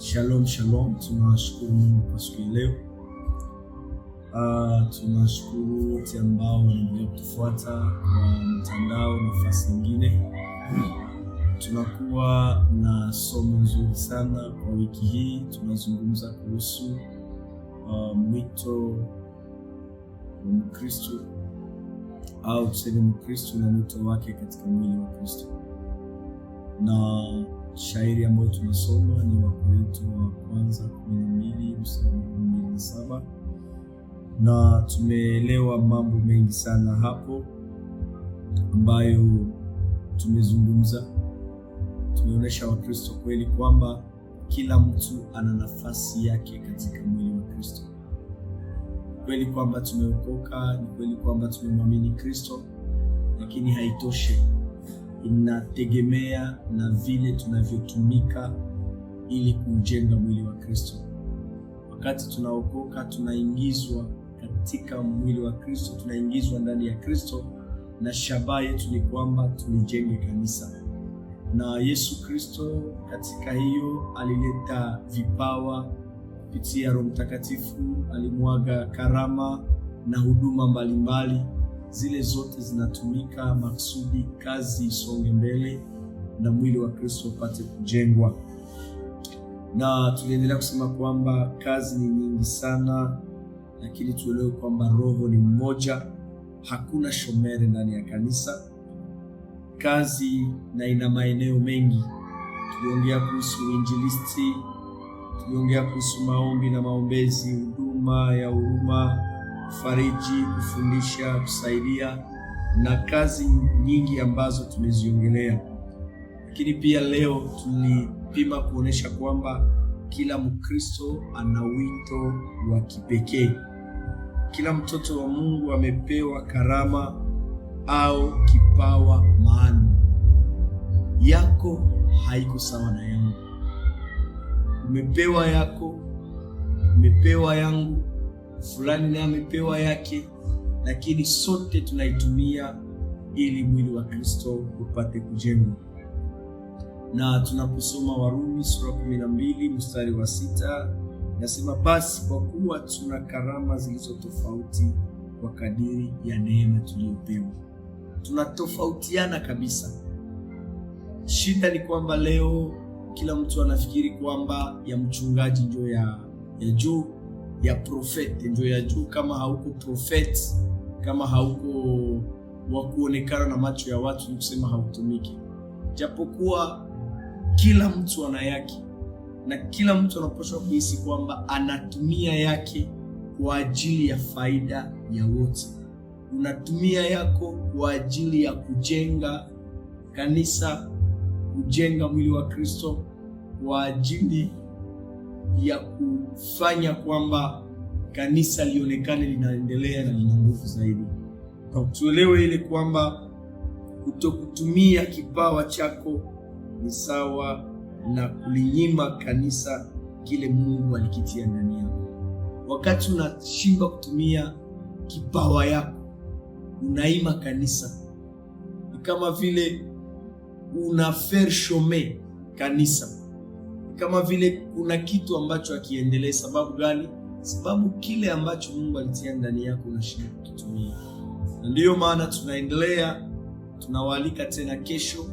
Shalom, shalom. Tunawashukuru Mungu kwa siku ya leo. Uh, ah, tunashukuru wote ambao wanaendelea kutufuata kwa mtandao nafasi nyingine. Tunakuwa na somo nzuri sana kwa wiki hii. Tunazungumza kuhusu uh, mwito wa Mkristo au tuseme Mkristo na mwito wake katika mwili wa Kristo na shairi ambayo tunasoma ni Wakorintho wa kwanza 12 mstari saba, na tumeelewa mambo mengi sana hapo ambayo tumezungumza. Tumeonyesha Wakristo kweli kwamba kila mtu ana nafasi yake katika mwili wa Kristo. Kweli kwamba tumeokoka, ni kweli kwamba tumemwamini Kristo, lakini haitoshi inategemea na vile tunavyotumika ili kujenga mwili wa Kristo. Wakati tunaokoka, tunaingizwa katika mwili wa Kristo, tunaingizwa ndani ya Kristo, na shabaha yetu ni kwamba tulijenge kanisa. Na Yesu Kristo katika hiyo alileta vipawa kupitia Roho Mtakatifu, alimwaga karama na huduma mbalimbali mbali zile zote zinatumika maksudi kazi isonge mbele na mwili wa Kristo upate kujengwa. Na tuliendelea kusema kwamba kazi ni nyingi sana, lakini tuelewe kwamba Roho ni mmoja, hakuna shomere ndani ya kanisa. Kazi na ina maeneo mengi. Tuliongea kuhusu uinjilisti, tuliongea kuhusu maombi na maombezi, huduma ya huruma kufariji, kufundisha, kusaidia na kazi nyingi ambazo tumeziongelea. Lakini pia leo tulipima kuonesha kwamba kila Mkristo ana wito wa kipekee. Kila mtoto wa Mungu amepewa karama au kipawa maalum. Yako haiko sawa na yangu. Umepewa yako, umepewa yangu fulani naye amepewa yake, lakini sote tunaitumia ili mwili wa Kristo upate kujengwa. Na tunaposoma Warumi sura 12 mstari wa sita nasema, basi kwa kuwa tuna karama zilizo tofauti kwa kadiri ya neema tuliyopewa. Tunatofautiana kabisa. Shida ni kwamba leo kila mtu anafikiri kwamba ya mchungaji ndio ya, ya juu ya profeti, ndio ya juu. Kama hauko profeti, kama hauko wa kuonekana na macho ya watu, ni kusema hautumiki, japokuwa kila mtu ana yake na kila mtu anapaswa kuhisi kwamba anatumia yake kwa ajili ya faida ya wote. Unatumia yako kwa ajili ya kujenga kanisa, kujenga mwili wa Kristo, kwa ajili ya kufanya kwamba kanisa lionekane linaendelea na lina nguvu zaidi. Tuelewe ile kwamba kutokutumia kipawa chako ni sawa na kulinyima kanisa kile Mungu alikitia ndani yako. Wakati unashindwa kutumia kipawa yako, unaima kanisa. Ni kama vile una faire kanisa kama vile kuna kitu ambacho akiendelee Sababu gani? Sababu kile ambacho Mungu alitia ndani yako unashindwa kukitumia, na ndiyo maana tunaendelea, tunawaalika tena kesho,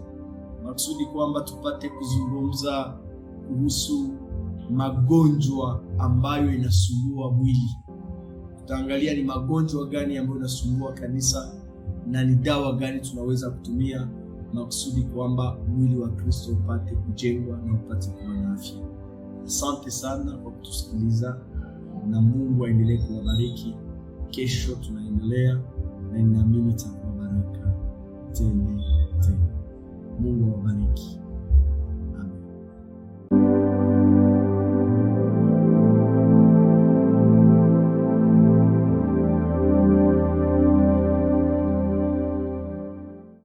maksudi kwamba tupate kuzungumza kuhusu magonjwa ambayo inasumbua mwili. Tutaangalia ni magonjwa gani ambayo inasumbua kanisa na ni dawa gani tunaweza kutumia na kusudi kwamba mwili wa Kristo upate kujengwa na upate kuwa na afya. Asante sana kwa kutusikiliza na Mungu aendelee kuwabariki. Kesho tunaendelea na ninaamini itakuwa baraka tele tele. Mungu awabariki.